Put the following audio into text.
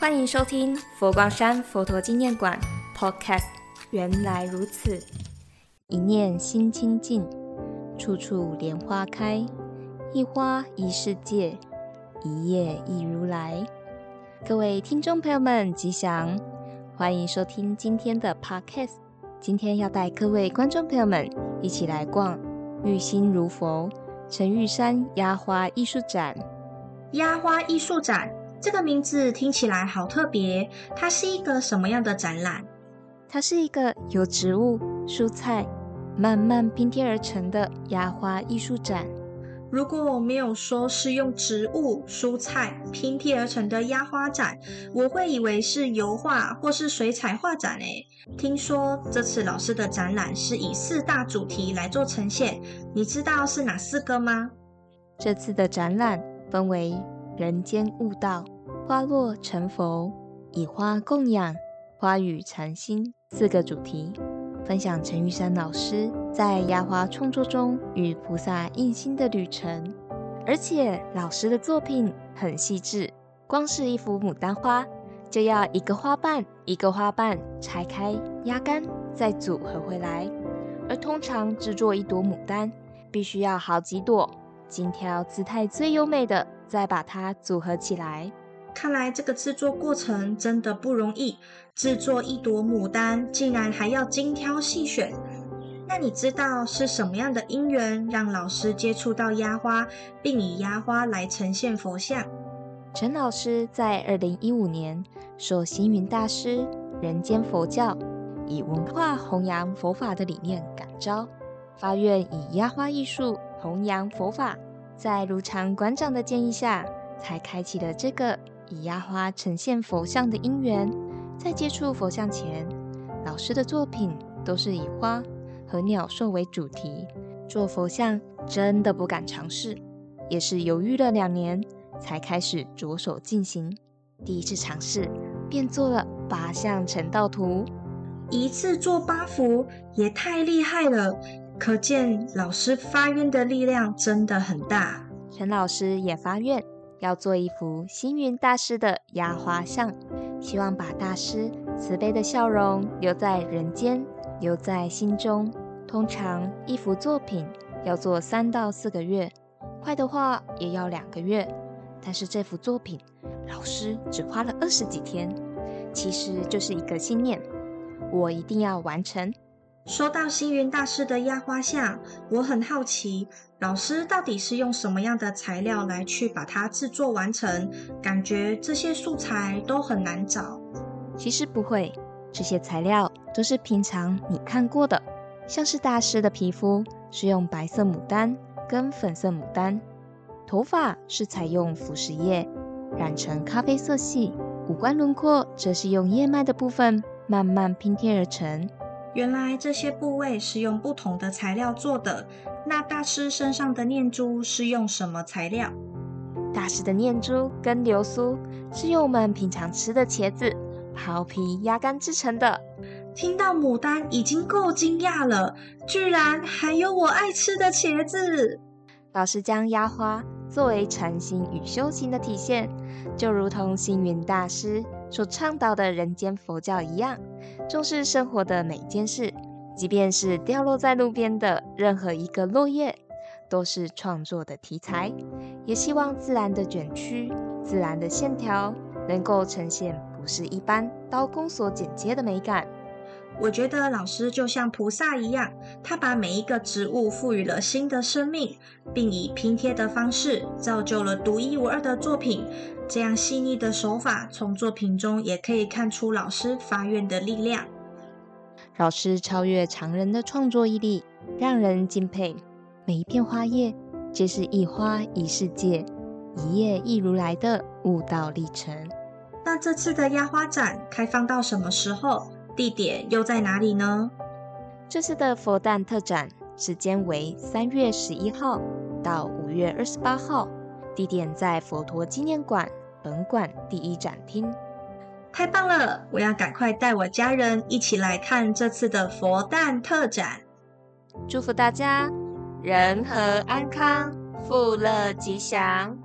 歡迎收聽佛光山佛陀紀念館 Podcast。原來如此，一念心清淨，處處蓮花開；一花一世界，一葉一如來。各位聽眾朋友們，吉祥！歡迎收聽今天的 Podcast。今天要帶各位觀眾朋友們一起來逛浴心如佛陳毓姍壓花藝術展，壓花藝術展。這個名字聽起來好特別，它是一個什麼樣的展覽？它是一個由植物、蔬菜慢慢拼貼而成的押花藝術展。如果我沒有說是用植物、蔬菜拼貼而成的押花展，我會以為是油畫或是水彩畫展誒。聽說這次老師的展覽是以四大主題來做呈現，你知道是哪四個嗎？這次的展覽分為。人間悟道，花落成佛，以花供養，花語禪心，四個主題，分享陳毓姍老師在押花創作中與菩薩印心的旅程。而且老師的作品很細緻，光是一幅牡丹花，就要一個花瓣一個花瓣拆開壓乾，再組合回來。而通常製作一朵牡丹，必須要好幾朵，精挑姿態最優美的。再把它組合起來。看來這個制作過程真的不容易，制作一朵牡丹竟然還要精挑細選。那你知道是什麼樣的因緣讓老師接觸到壓花，並以壓花來呈現佛像？陳老師在二零一五年受星雲大師人間佛教以文化弘揚佛法的理念感召，發願以壓花藝術弘揚佛法。在如常館長的建議下，才開啟了這個以押花呈現佛像的因緣。在接觸佛像前，老師的作品都是以花和鳥獸為主題，做佛像真的不敢嘗試，也是猶豫了兩年才開始着手進行。第一次嘗試便做了八相成道圖，一次做八幅也太厲害了。可見老師發願的力量真的很大。陳老師也發願要做一幅星雲大師的壓花像，希望把大師慈悲的笑容留在人間，留在心中。通常一幅作品要做三到四個月，快的話也要兩個月。但是這幅作品，老師只花了二十幾天。其實就是一個信念：我一定要完成。說到星雲大師的押花像，我很好奇，老師到底是用什麼樣的材料來去把它製作完成？感覺這些素材都很難找。其實不會，這些材料都是平常你看過的。像是大師的皮膚是用白色牡丹跟粉色牡丹，頭髮是採用腐蝕液染成咖啡色系，五官輪廓則是用葉脈的部分慢慢拼貼而成。原來這些部位是用不同的材料做的。那大師身上的念珠是用什麼材料？大師的念珠跟流蘇是用我們平常吃的茄子，刨皮，壓乾製成的。聽到牡丹已經夠驚訝了，居然還有我愛吃的茄子。老師將押花作為禪心與修行的體現，就如同星雲大師所倡導的人間佛教一樣，重視生活的每件事，即便是掉落在路邊的任何一個落葉，都是創作的題材。也希望自然的卷曲、自然的線條，能夠呈現不是一般刀工所剪接的美感。我覺得老師就像菩薩一樣，他把每一個植物賦予了新的生命，並以拼貼的方式造就了獨一無二的作品。這樣細膩的手法，從作品中也可以看出老師發願的力量。老師超越常人的創作毅力，讓人敬佩。每一片花葉，皆是一花一世界，一葉一如來的悟道歷程。那這次的押花展開放到什麼時候？地點又在哪裡呢？這次的佛誕特展時間為三月十一號到五月二十八號，地點在佛陀紀念館本館第一展廳。太棒了！我要趕快帶我家人一起來看這次的佛誕特展。祝福大家，人和安康，富樂吉祥。